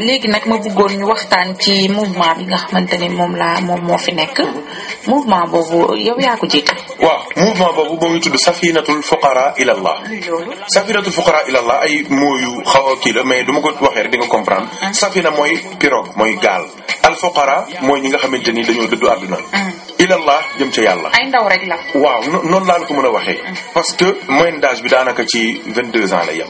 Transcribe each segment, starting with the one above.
léegi nag ma bëggoon ñu waxtaan ci mouvement bi nga xamante moom laa moom moo fi nekk mouvement boobu yow yaa ko jiite. waaw mouvement boobu moom ngi tudd Safinatul Fuqara ilallah. Safinatul Fuqara ilallah ay mooyu xaw a kii la mais du ma ko waxee rek di nga comprendre. Ah. Safina mooy pirogue mooy gaal. al fuqara mooy ñi nga xamante ni dañoo dëddu àdduna. Ah. ilallah jëm ca yàlla. ay ndaw rek la. waaw noonu laal la ko mën a waxee. Ah. parce que moyenne d'âge bi daanaka ci vingt deux ans la yem.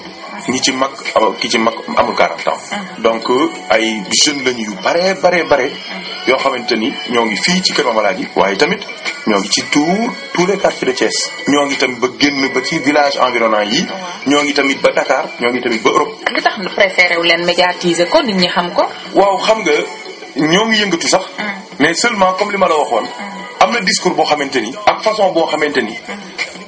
ñi ci mag ki ci mag am 40 ans. Ah. donc ay jeunes lañu yu bare bare bare ah. yoo xamante ni ñoo ngi fii ci Kër Mamaladi waaye tamit ñoo ngi ci tout tous les quartiers de Thiès. ñoo ngi tamit ba génn ba ci village environnant yi. ñoo ngi tamit ba Dakar ñoo ngi tamit ba Europe. li tax préféré wu leen médiatiser ko nit ñi xam ko. waaw xam nga ñoo ngi yëngatu sax. Ah. mais seulement comme li ma la waxoon. am na discours boo xamante ni. ak façon boo xamante ni.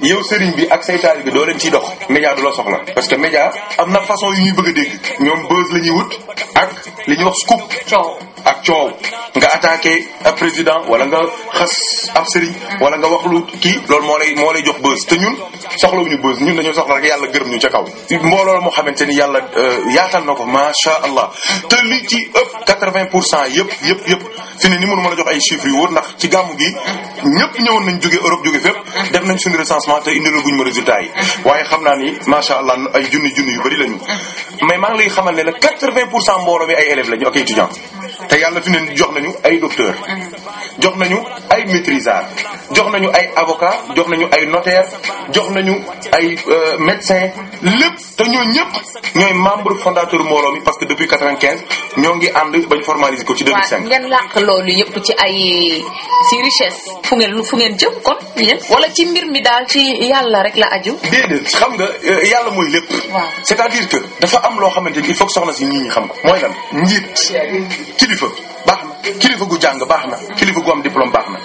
yow sëriñ bi ak say bi doo leen ciy dox média du la soxla parce que média am na façon yu ñuy bëgg a dégg ñoom buzz la ñuy wut ak li ñuy wax scoop coow ak nga attaqué a président wala nga xas ab sëriñ wala nga wax lu kii loolu moo lay moo lay jox buzz te ñun ñu buzz ñun dañoo soxla rek yàlla gërëm ñu ca kaw mbooloola moo xamante ni yàlla euh, yaatal na ko macha allah te li ci ëpp quatre-vingt pour cent yëpp yëpp yëpp fi ne ni mënu ma la jox ay chiffres yu wóor ndax ci gàmm gi ñëpp ñëwoon nañ jóge Europe jóge fépp def nañ suñu recensement te indilu guñ ma résultat yi waaye xam naa ni macha allah ay junni junni yu bëri lañu mais maa ngi lay xamal ne la quatre-vingt pour cent mbooloo mi ay élèves lañu ak étudiants te yàlla fi ne jox nañu ay docteur jox nañu ay maîtrisard jox nañu ay avocat jox nañu ay notaire jox nañu ay euh, médecin lépp te ñoo ñëpp ñooy membre fondateur mbooloo mi parce que depuis quatre-vingt-quinze ñoo ngi ànd bañ formaliser ko ci 2005. waaw ngeen làq loolu yëpp ci ay ci richesse fu ngeen fu ngeen jëm kon yéen wala ci mbir mi daal ci yàlla rek la aju. déedéet xam nga euh, yàlla mooy lépp. c'est-à-dire que dafa am loo xamante ni il faut que soxna si nit ñi xam ko mooy kilifa baax na kilifa gu jàng baax na kilifa gu am diplôme baax na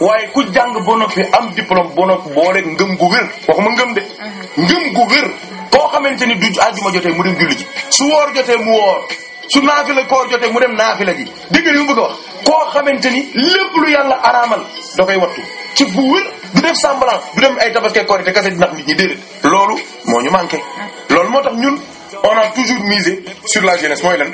waaye ku jàng ba noppi am diplôme ba noppi boole ngëm gu wér waxuma ngëm de mhm. ngëm gu wér koo xamante ni du àjjuma jotee mu dem julli ji su woor jotee mu woor su naafila koor jotee mu dem naafila ji dégg nga a wax koo xamante ni lépp lu yàlla araamal da koy wattu ci bu wér du def semblant du dem ay tabaski korite kase di nax nit ñi déedéet loolu moo ñu manqué mhm. loolu moo tax ñun on a toujours misé sur la jeunesse mooy lan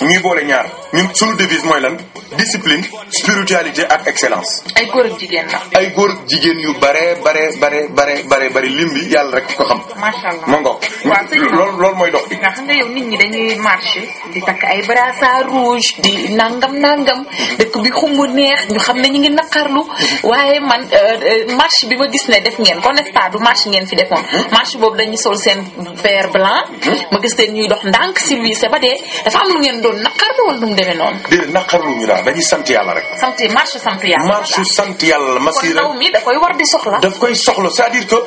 ñuy boole ñaar ñun suñu devise mooy lan discipline spiritualité ak excellence. ay góor ak jigéen la. ay góor ak jigéen yu bare bare bare bare bare bare lim bi yàlla rek ko xam. macha allah ma loolu mooy dox nga xam nga yow nit ñi dañuy marché di takk ay brassard rouge di nangam nangam dëkk bi xumb neex ñu xam ne ñu ngi naqarlu waaye man euh, euh, marche bi ma gis ne def ngeen ko n'est-ce pas du marche ngeen fi defoon. Hmm? marche boobu dañuy sol seen vert blanc. Hmm? ma gis leen ñuy dox ndànk si luy se dafa am lu ngeen doon naqarlu wala nu mu demee noonu. déedéet naqarlu ñu daal dañuy sant yàlla rek. sant marche sant yàlla. marche sant yàlla masira kon ndaw da koy war di soxla. daf koy soxla cest à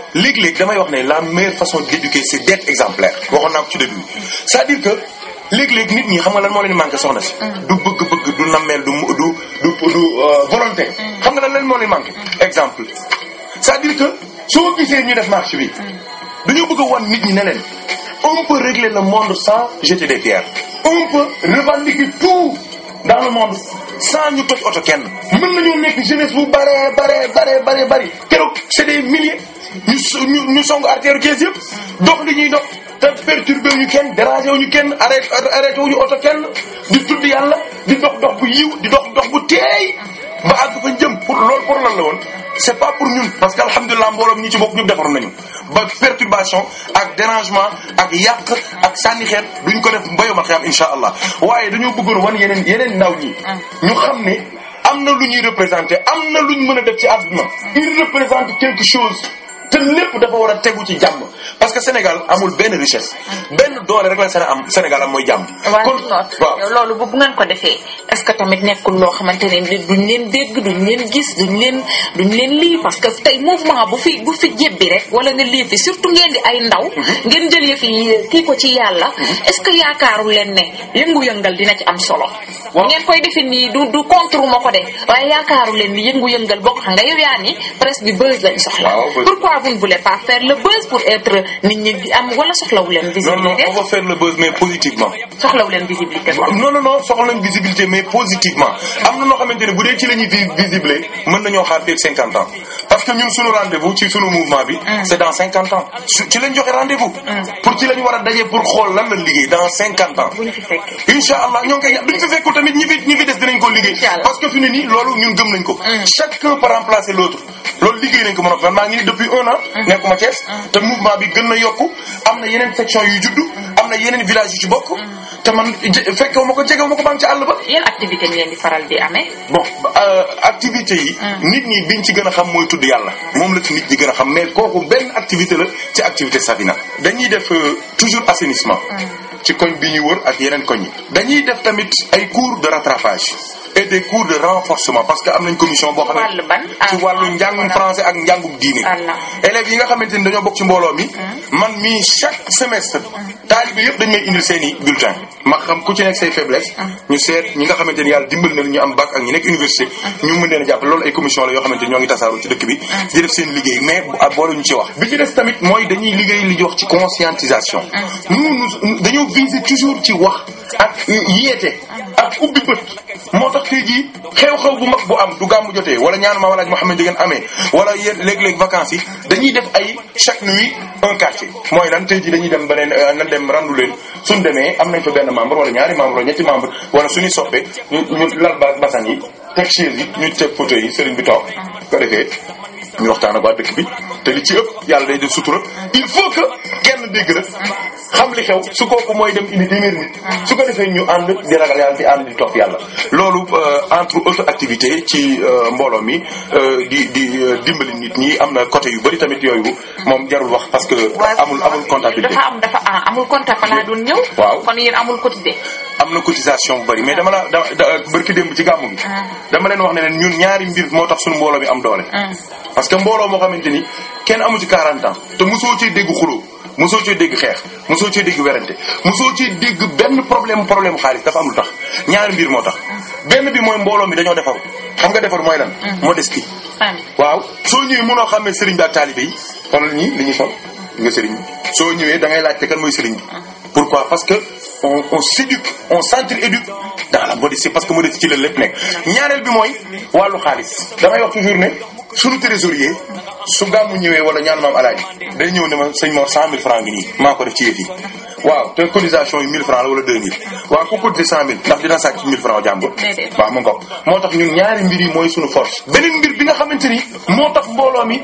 damay wax ne la meilleure façon d'éduquer c'est d'être exemplaire. waxoon naa ko ci début cest léegi nit ñi xam nga lan moo leen manqué soxna si mm. du bëgg-bëgg du nammeel du du du du euh, volonté mm. xam nga lan leen moo leen manqué mm. exemple soo gisee ñu def marche bi dañoo bëgg a wan nit ñi ne leen on peut régler le monde sans jeter des pierres on peut revendiquer tout dans le monde sans ñu toj oto kenn mën nañoo nekk jeunesse bu bare bare bare bare bari keroog c'est des milliers ñu ñu song artère kees yëpp dox li ñuy dox te perturbé ñu kenn dérangé ñu kenn arrêté arrêté wuñu oto kenn di tudd yàlla di dox dox bu yiw di dox dox bu teey ba àgg fa njëm pour lool pour lan la woon c'est pas pour ñun parce que alhamdulilah mbooloom ñi ci bokk ñu defaru nañu ba perturbation ak dérangement ak yàq ak sànni xeet duñ ko def mbayuma xiyam insha allah waaye dañoo bëggoon wan yeneen yeneen ndaw ñi ah. ñu xam ne am na lu ñuy représenter am na luñ mën a def ci àdduna il représente quelque chose te lépp dafa war a tegu ci jàmm parce que Sénégal amul benn richesse benn doole rek la Sénégal am Sénégal am mooy jàmm. loolu bu ngeen ko defee est-ce que tamit nekkul loo xamante ne duñ leen dégg duñ leen gis duñ leen duñ leen lii parce que tey mouvement bu fi bu fi jébbi rek wala nga lii fi surtout ngeen di ay ndaw. Mhm. ngeen jëlee fi kii ko ci yàlla. Mhm. est-ce que yaakaarul leen ne yëngu-yëngal dina ci am solo. ngeen koy defee nii du du contre ma ko de waaye yaakaaru leen ni yëngu-yëngal bokk xam nga yow yaa ni presse bi buzz lañ pas vous ne voulez pas faire pour être nit ñi di am wala soxlawu leen. visibilité non non on va faire le mais positivement. non non non soxla nañ visibilité mais positivement am na noo xamante ne bu dee ci la ñuy visible mën nañoo xaar fii 50 ans parce que ñun suñu rendez ci suñu mouvement bi. Mm. c'est dans 50 ans ci lañ joxe rendez mm. pour ci lañ war a daje pour xool lan la liggéey dans 50 ans. buñ allah ñoo ngi koy buñ fi fekkul ah nekkuma Thiès mm. te mouvement bi gën na yokku am na yeneen section yu judd mm. am na yeneen village yu ci bokk mm. te man fekkewu ma ko jegewu ma ko baa ngi ci àll ba yéen euh, activité yi amee bon activité yi nit ñi biñ ci gën a xam mooy tudd yàlla moom la ci nit ñi gën a xam mais kooku benn activité la ci activité Sabina dañuy def euh, toujours assainissement ci koñ bi ñu wër ak yeneen koñ yi dañuy def tamit ay cours de rattrapage et parce que am nañ commission boo xam ci wàllu ah, njàngum français ak njàngum diine élèves yi nga xamante ni dañoo bokk ci mbooloo mi hmm. man mii chaque semestre taalibe yëpp dañ may indil ma xam ku ci nekk say faiblesse hmm. ñu seet ñi nga xamante ni yàlla dimbal na am bac ak ñi nekk université hmm. ñu mën leen a jàpp loolu ay commission la yoo xamante ni ñoo ngi tasaaru ci dëkk bi di def seen liggéey mais ah, boole ci wax bi ci des tamit mooy dañuy ak ubbi moo tax tey xew-xew bu mag bu am du gàmmu wala ñaanu ma walaaj Mouhamed Ndieguène amee wala yéen léeg-léeg vacances yi dañuy def ay chaque nuit un quartier mooy lan tey jii dañuy dem beneen euh, nan dem randu leen suñ demee am nañ fa benn membre wala ñaari membre wala ñetti soppe ñu ñu lal basan yi teg chaise yi ñu teg fauteuil yi sëriñ bi toog ko defee ñu waxtaan ak waa dëkk bi te ci ëpp yàlla day def il faut que kenn dégg rek xam li xew su kooku mooy dem indi téeméer nit su ko defee ñu ànd di ragal yàlla di ànd di topp yàlla loolu euh, entre autres activités ci euh, mbooloo mi euh, di di dimbali nit ñi am na côté yu bari tamit yooyu moom jarul wax parce que amul amul comptabilité dafa am dafa ah, amul comptabilité laa doon ñëw waaw kon yéen amul cotisé am na cotisation bu bari mais dama la da bërki démb ci gàmmu gi ah. dama leen wax ne leen ñun ñaari mbir moo tax suñu mbooloo mi am doole ah. parce que mbooloo moo xamante ni kenn amu ci 40 mosoo ci dégg xeex mosoo ci dégg werante soo ci dégg benn problème problème xaalis dafa am lu tax ñaari mbir moo tax benn bi mooy mbooloo mi dañoo defaru xam nga defaru mooy lan moo des kii waaw soo ñëwee mënoo xamee sëriñ bi ak taalibe yi xoolal ñii li ñuy sol nga sëriñ bi soo ñëwee da ngay laajte kan mooy sëriñ bi mm. pourquoi parce que on on s'éduque on s'entre-éduque dans la modestie parce que modestie ci la lépp nekk. ñaareel bi mooy wàllu xaalis damay wax toujours ne suñu trésorier su gàmmu ñëwee wala ñaan maam alaaji day ñëw ne ma sëñ ma cent mille francs ngi nii maa ko def ci yëf yi waaw te cotisation yi mille francs la wala mille waaw ku cotisé cent mille ndax dina sàcc mille francs jàmbur waaw mu ngoog moo tax ñun ñaari mbir yi mooy suñu force beneen mbir bi nga xamante ni moo tax mbooloo mi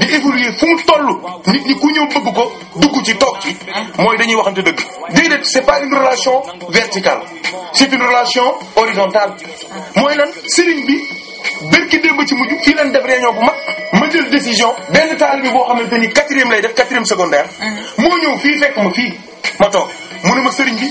di évoluer fu mu toll nit ñi ku ñëw bëgg ko dugg ci toog ci mooy dañuy waxante dëgg déedéet c'est pas une relation verticale c'est une relation horizontale mooy lan sëriñ bi bërki démb ci mujj fii leen def réunion bu mag ma jël décision benn taal bi boo xamante ni quatrième lay def quatrième secondaire moo ñëw fii fekk ma fii ma toog mu ne ma sëriñ bi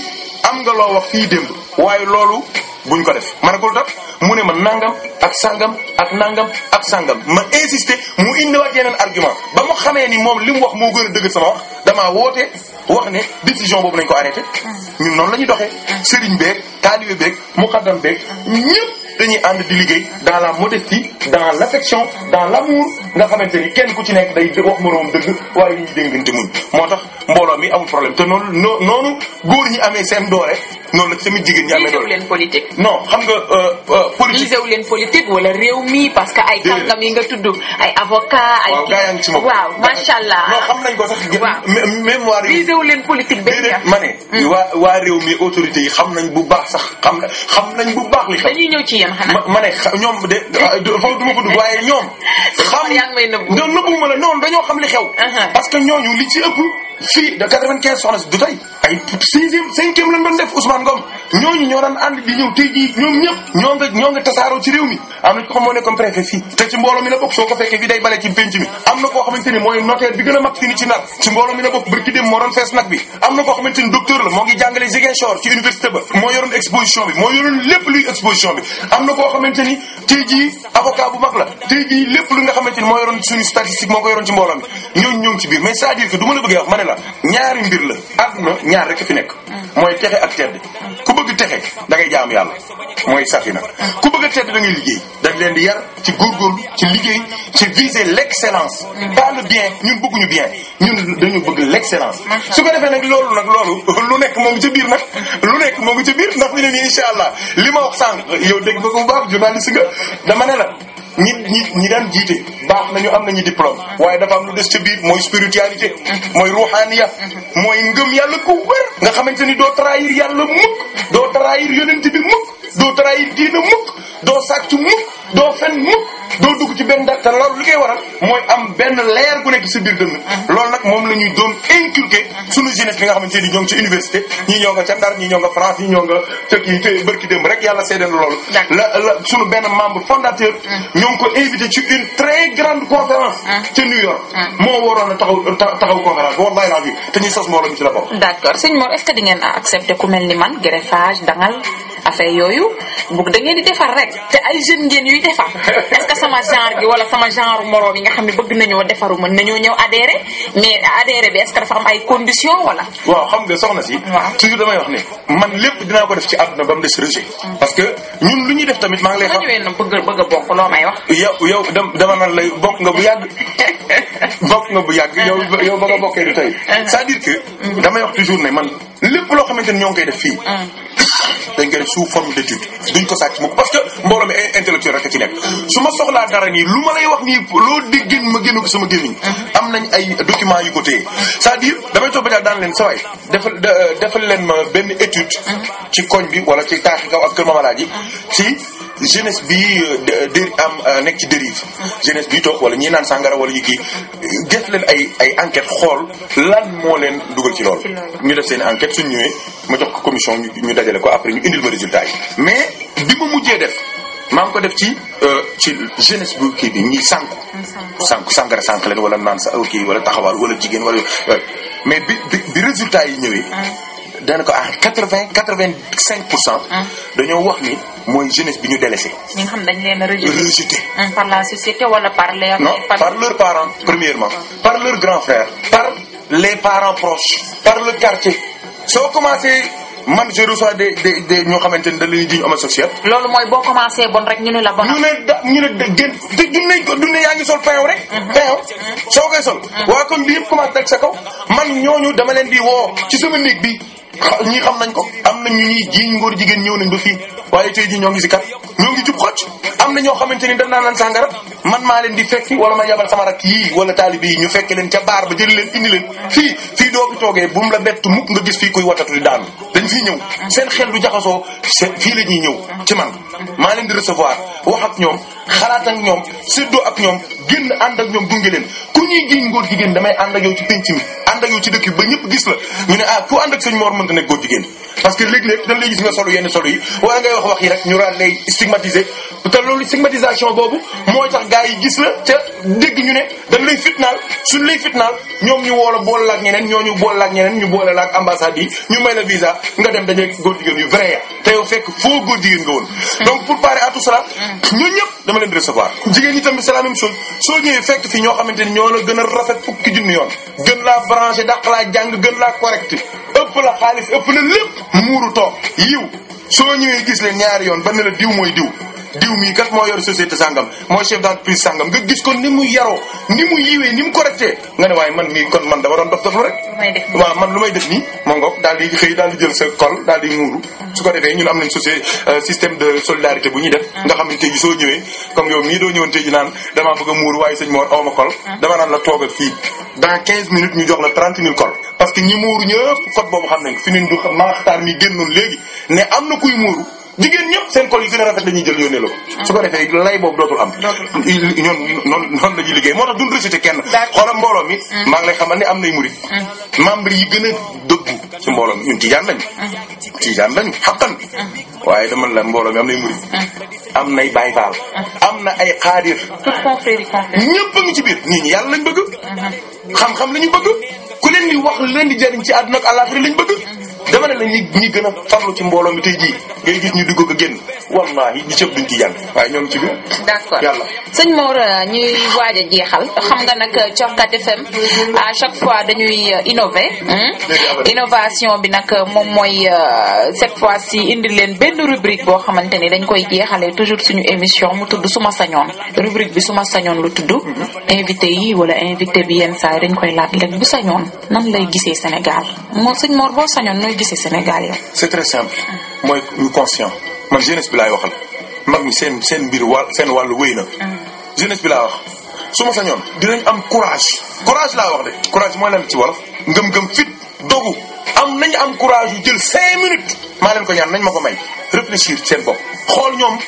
am nga loo wax fii démb waaye loolu buñ ko def ma ne ko lu tax mu ne ma nangam ak sangam ak nangam ak sangam ma insister mu indi indiwaat yeneen argument ba mu xamee ni moom li mu wax moo gën a dëgg sama wax damaa woote wax ne décision boobu nañ ko arrêté mm. ñun noonu la ñuy doxee mm. sëriñ beeg taalibe beeg muqaddam beeg mm. ñëpp dañuy ànd di liggéey dans la modestie dans l'affection dans l'amour nga xamante ni kenn ku ci nekk day wax moroom dëgg waaye li ñu déngante muñ moo tax mbooloo mi amul problème te noonu noonu góor ñi amee seen doole noonu la tamit jigéen ñi amee doole leen euh, euh, parce que ay kàngam yi nga tudd ay avocat ay kii waaw macha allah non xam nañ ko sax mémoire yi visewu leen politique benn déedéet ma ne hmm. waa waa réew mi autorité yi xam nañ bu baax sax xam na xam nañ bu baax li xam dañuy ñëw ci yéen xanaa ma ne ñoom de foofu duma ko dugg waaye ñoom xam yaa ngi may nëbbu non nëbbu ma xam li xew uh-huh. parce que ñooñu li ci ëpp fii de 95 soxna si du tey ay sixième cinquième lañ doon def Ousmane Ngom ñooñu ñoo daan ànd di ñëw tey ñoo ñoo nga tasaaroo am na ko xam moo nekkoon préfet fii te ci mbooloo mi la bokk soo ko fekkee fii day bale ci penc mi am na a mag fi ni ci nar ci mbooloo mi la bokk bërki dem moo doon fees ni docteur la moo ngi la tey jii lu nga xamante ni moo yoroon suñu statistique moo ko yoroon ci mbooloo mi ñooñu ñoo ngi ci biir mais c'est-à-dire que du ma la bëggee wax ma la ñaari mbir la àdduna ñaar rek fi nekk mm. mooy texe ak tedd texe da ngay jaam yàlla mooy safina ku bëgg a tedd da ngay liggéey dañ leen di yar ci góorgóorlu ci liggéey ci viser l'excellence pas le bien ñun bëgguñu bien ñun dañu bëgg l'excellence su ko defee nag loolu nag loolu lu nekk moom ngi ci biir nag lu nekk moo ngi ci biir ndax ñu ne nii incha allah li ma wax sànq yow dégg nga ko bu baax journaliste nga dama ne la ñi ñi ñi daan jiite baax nañu am nañu diplôme waaye dafa am lu des ca biir mooy spiritualité mooy ruhaniya mooy ngëm yàlla ku wér nga xamante ni doo trahir yàlla mukk doo trahir yonent bi mukk doo trahir diina mukk doo sàcc mukk doo fen mukk doo dugg ci benn dara te loolu li koy waral mooy am benn leer gu nekk ci biir dënn uh-huh. loolu nag moom la ñuy doon inculqué uh-huh. sunu jeunesse bi nga xamante ni ñoo ngi ci université ñii ñoo nga ca Ndar ñii ñoo nga France ñii ñoo nga ca kii bërki démb rek yàlla seedeen loolu la la sunu benn membre fondateur uh-huh. ñoo ngi ko invité ci une très grande conférence ca New York moo waroon a taxaw taxaw conférence bi wallahi laa te ñuy sos mbooloo mi ci la bokk d'accord sëñ Mor est que di ngeen ku mel ni man greffage dangal affaire yooyu bu da ngeen di defar rek te ay jeunes ngeen yuy defar est-ce que sama genre bi wala sama genre moroom yi nga xam ne bëgg nañoo defaru mën nañoo ñëw adhéré mais adhéré bi est-ce que dafa am ay conditions wala. waaw xam nga soxna si. waaw toujours damay wax ne man lépp dinaa ko def ci àdduna mm. parce que ñun lu ñuy def tamit maa ngi lay. xam nga a bokk loo may wax. yow yow dama nan lay bokk nga bu yàgg bokk nga bu yàgg yow yow ba nga bokkee du tey mm. cest à mm. wax toujours ne man lépp loo xamante ni ñoo ngi koy def fii. dañ koy def sous forme d'étude duñ ko sàcc moom parce que mbooloo mi intellectuel rek a ci nekk su ma soxlaa dara nii lu ma lay wax nii loo déggin ma génne ko sama gémmiñ am nañ ay document yu ko téye saa à dire damay toog ba daal daan leen saway defal euh, defal leen ma benn étude mm-hmm. ci koñ bi wala ci taaxi kaw ak kër Mamadou ji si jeunesse bi euh, déri am euh, nekk ci dérive jeunesse bi toog wala ñi naan sàngara wala ñu kii def leen ay ay xool lan moo leen dugal ci loolu ñu def seen enquête suñ ñëwee ma jox ko commission ñu dajale ko après ñu indil ma résultat yi mais bi ma mujjee def maa ngi ko def ci euh, ci jeunesse bu kii bi ñi sànku sànku sàngara sànk leen wala naan sa kii wala taxawaal wala jigéen wala mais bi bi résultat yi ñëwee dana ko à quatre vingt quatre vingt cinq pour cent. dañoo wax ni mooy jeunesse bi ñu délaissé. ñi nga xam dañ leen a rejeté. par la société wala par leur. non par leurs parents premièrement. par leurs grands frères. par les parents proches. par le quartier. soo commencé man je reçois des des des ñoo xamante ni dañ leen di ñu homosexuel. loolu mooy boo commencé bon rek ñu ne la bon. ñu ne da ñu ne gën ne yaa ngi sol pain rek. Mhm. pain mhm. soo koy mhm. waa kon bi yëpp commencé teg man ñooñu dama bi. ñii xam nañ ko am nañ ñu ñuy jiiñ ngóor jigéen ñëw nañ ba fii waaye tey ji ñoo ngi si kat ñoo ngi jub xocc am na ñoo xamante ni dañ naan leen sàngara man maa leen di fekki wala ma yabal sama rak yii wala taalibe yi ñu fekk leen ca baar ba jëli leen indi leen fii fii doo toogee bu mu la bett mukk nga gis fii kuy watatu di daanu dañ fiy ñëw seen xel du jaxasoo seen fii la ñuy ñëw ci man maa leen di recevoir wax ak ñoom xalaat ñoom séddoo ak ñoom génn ànd ak ñoom gunge leen ku ñuy ah, gis nga solo yenn solo yi wala ngay wax wax yi rek ñu raad lay stigmatiser te loolu stigmatisation boobu mooy tax gars yi gis la te dégg ñu ne dañ lay fitnaal suñ lay fitnaal ñoom ñu woola bool la ak ñeneen ñooñu bool laa la ñu boole laa ak ambassade yi ñu may la visa nga dem dañuy góor jigéen yu vrai ya te yow fekk foo góor jigéen nga woon hmm. donc pour parer à tout cela hmm. ñun ñëpp dama leen di recevoir jigéen ñi tamit c'est la même soo ñëwee fekk fi ñoo xamante ni ñoo la gën a rafet fukki junni yoon gën laa branché dax laa jàng gën laa correct ëpp la xaalis ëpp la lépp muuru toog yiw soo ñëwee gis leen ñaari yoon ba ne la diw mooy diw diw mii kat moo yor société sangam moo chef d'entreprise sangam nga gis ko ni mu yaroo ni mu yiwee ni mu correcté nga ne waaye man mii kon man dama doon dof dof man lu may def nii moo ngoog daal di di jël sa kol daal di muuru. su ko defee ñun euh, de ah. nga xam ne tey jii soo ñëwee comme yow mii doo ñëwoon tey jii naan damaa bëgg a muuru waaye sëñ Mor aw ma kol. Ah. dama naan la toogal fii dans 15 minutes ñu jox la 30 000 kol. parce que ñi muuru ñëpp code boobu xam nañ ko fi mu ne nii du maaxtaar léegi ne am na kuy muuru jigéen ñëpp seen col yi gën a rafet la ñuy jël yónnee la ko ah. su ko defee lay boobu dootul am ñoon noonu noonu la ñuy liggéey moo tax duñ rejeté kenn xoolal mbooloo mi mm. maa ngi lay xamal nay murit mm. a dëggu ci mbooloo mi ñun tijaan lañu mm. tijaan lañu xaqan la mbooloo mi am nay murit am baay faal am na ay xaadir ñëpp a ngi ci biir nit ñi yàlla lañ bëgg mm-hmm. xam-xam lañu bëgg ku leen di wax leen di jariñ ci àdduna ak àllaaxira lañ bëgg dama ne la ñi ñi gën a farlu ci mbooloo mi tey jii ngay gis ñu dugg ko génn wallaahi ñi waaye ñoo ci biir. d'accord yàlla sëñ euh, ñuy waaj jeexal xam nga nag euh, Cokkat FM à chaque fois dañuy euh, innover. innovation bi nag moom mooy cette fois ci indi leen benn rubrique boo xamante ni dañ koy jeexalee toujours suñu émission mu tudd suma sañoon rubrique bi suma sañoon lu tudd. Mm-hmm. invité yi wala invité bi yenn saa dañ koy laat leen bu sañoon nan lay gisee Sénégal moo sëñ Mor looy gisee Sénégal yow. c'est très simple. mooy ñu conscient man jeunesse bi laay waxal mag mi seen seen mbir wàll seen wàllu wéy na. jeunesse bi laa wax su ma sañoon dinañ am courage. courage laa wax de courage mooy lan ci wolof. ngëm-ngëm fit dogu. am nañu am courage yu jël cinq minutes. maa leen ko ñaan nañ ma ko may réfléchir seen bopp xool ñoom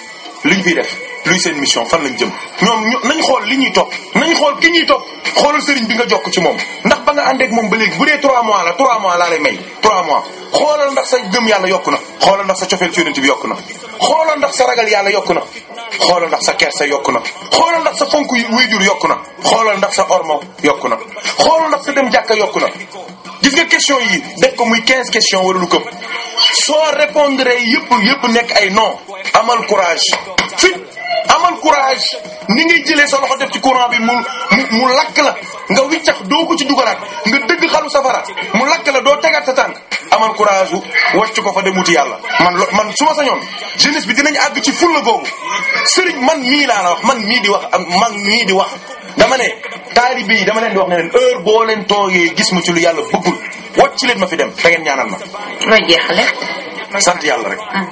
liñ fiy def. luy seen mission fan lañ jëm ñoom nañ xool li ñuy topp nañ xool ki ñuy topp xoolal sëriñ bi nga jokk ci moom ndax ba nga àndeek moom ba léegi bu dee 3 mois la 3 mois laa lay may 3 mois xoolal ndax sa gëm yàlla yokk na xoolal ndax sa cofeel ci yonent bi yokku na xoolal ndax sa ragal yàlla yokku na xoolal ndax sa kersa yokk na xoolal ndax sa fonk waajur yokku na xoolal ndax sa ormo yokku na xoolal ndax sa dem jàkka yokku na gis nga question yi def ko muy 15 question wala lu këpp soo répondre yëpp yëpp nekk ay non amal courage fit amal courage ni ngay jëlee sa loxo def ci courant bi mu mu lakk la nga wiccax doo ko ci dugalaat nga dëgg xalu safara mu lakk la doo tegaat sa tan aman courage wu wàcc ko fa dem wuti yàlla. man lo man su ma sañoon jeunesse bi dinañ àgg ci fulla googu sëriñ man mii la wax man mii di wax man mii di wax dama ne taalibe bii dama leen di wax ne leen heure boo leen toogee gis ma ci lu yàlla bëggul wàcc leen ma fi dem da ngeen ñaanal ma. looy jeexale. sant yàlla rek. Ah.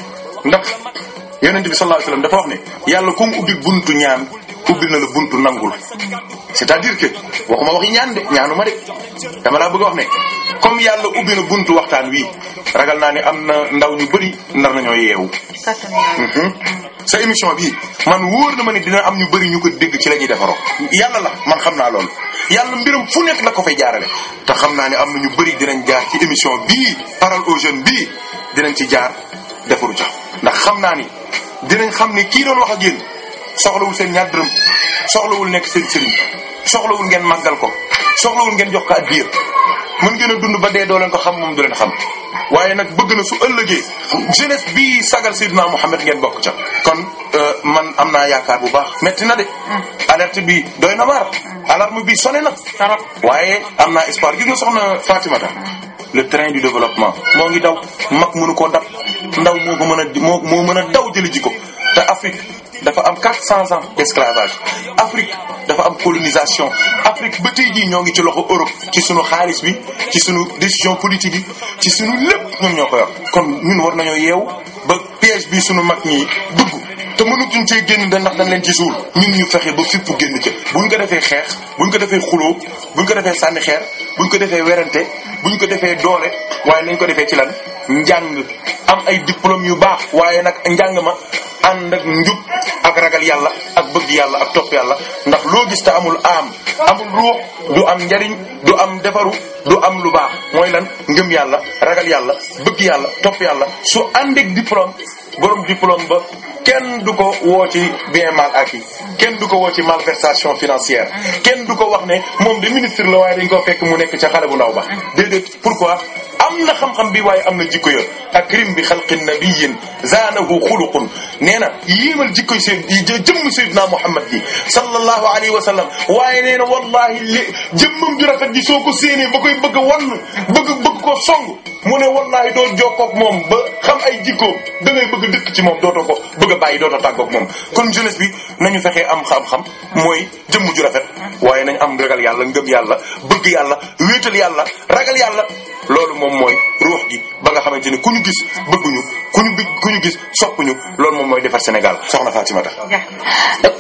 yonent bi sallallahu alayhi wasallam dafa wax ne yàlla ku mu ubbi buntu ñaan ubbi na la buntu nangul c'est-à-dire que waxuma waxi ñaan de ñaanu ma de dama laa bëgg wax ne comme yàlla ubbi na buntu waxtaan wi ragal naa ne am na ndaw ñu bëri nar nañoo yeewu. Mhm. sa émission bi man wóor na ma ne dina am ñu bëri ñu ko dégg ci la ñuy defaroo yàlla la man xam naa loolu yàlla mbirum fu nekk la ko fay jaarale te xam naa ne am na ñu bëri dinañ jaar ci émission bi parole aux jeunes bii dinañ ci jaar. defuru ca ndax xam naa ni dinañ xam ni kii doon wax ak yéen soxlawul seen ñaar soxla soxlawul nekk seen soxla soxlawul ngeen màggal ko wul ngeen jox ko addiya mën ngeen a dund ba dee doo leen ko xam moom du leen xam waaye nag bëgg na su ëllëgee bi sagar sagal Seydina Mouhamed ngeen bokk ca. kon euh, man am naa yaakaar bu baax metti na de. alerte bi dooy na waar mm. alarme bi sonné na. waaye am naa espoir gis nga soxna Fatimata mm. le train du développement moo ngi daw mag munu koo dab ndaw moo ko mën a moo moo mën a daw jëli ji ko te Afrique dafa am quatre cent ans d'esclavage Afrique dafa am colonisation Afrique ba tey jii ñoo ngi ci loxo Europe ci suñu xaalis bi ci suñu décision politique bi ci suñu lépp ñun ñoo ko yor kon ñun war nañoo yeew ba piège bi suñu mag ñi dugg te mënatuñ cee génn da ndax dañ leen ci suul ñun ñu fexe ba fipp génn bu ñu ko defee xeex buñ ko defee xuloo buñ ko defee sànni xeer buñ ko defee werante buñ ko defee doole waaye nañ ko defee ci lan njàng am ay diplôme yu baax waaye nag njàng ma ànd ak njub ak ragal yàlla ak bëgg yàlla ak topp yàlla ndax loo gis te amul am amul ruux du am njariñ du am defaru du am lu baax mooy lan ngëm yàlla ragal yàlla bëgg yàlla topp yàlla su àndik diplôme borom diplôme ba kenn du ko woo ci bien mal acquis kenn du ko woo ci malversation financière kenn du ko wax ne moom de ministre la waaye dañ ko fekk mu nekk ca xale bu ndaw ba mm. déedéet pourquoi am na xam-xam bi waaye am na jikko ya akrim bi xalqin nabiyyin zaanahu xuluqun nee na yéemal jikko seen jëmm sayyidina Muhammad bi sallallahu alayhi wa sallam waaye nee na wallahi li jëmmam ju rafet ji soo ko séenee ba koy bëgg a wann bëgg bëgg koo song moo ne wallahi doo jokkoog moom ba xam ay jikkoom da ngay bëgg dëkk ci moom dootoo ko bëgg a bàyyi dootoo tàggoog moom kon jeunesse bi na ñu fexee am xam-xam mooy jëmm ju rafet waaye nañ am ragal yàlla ngëm yàlla bëgg yàlla wéetal yàlla ragal yàlla loolu moom mooy ruux gi ba nga xamante ne ku ñu gis bëgguñu ku ñu ku ñu gis soppuñu loolu moom mooy defar Sénégal soxna Fatimata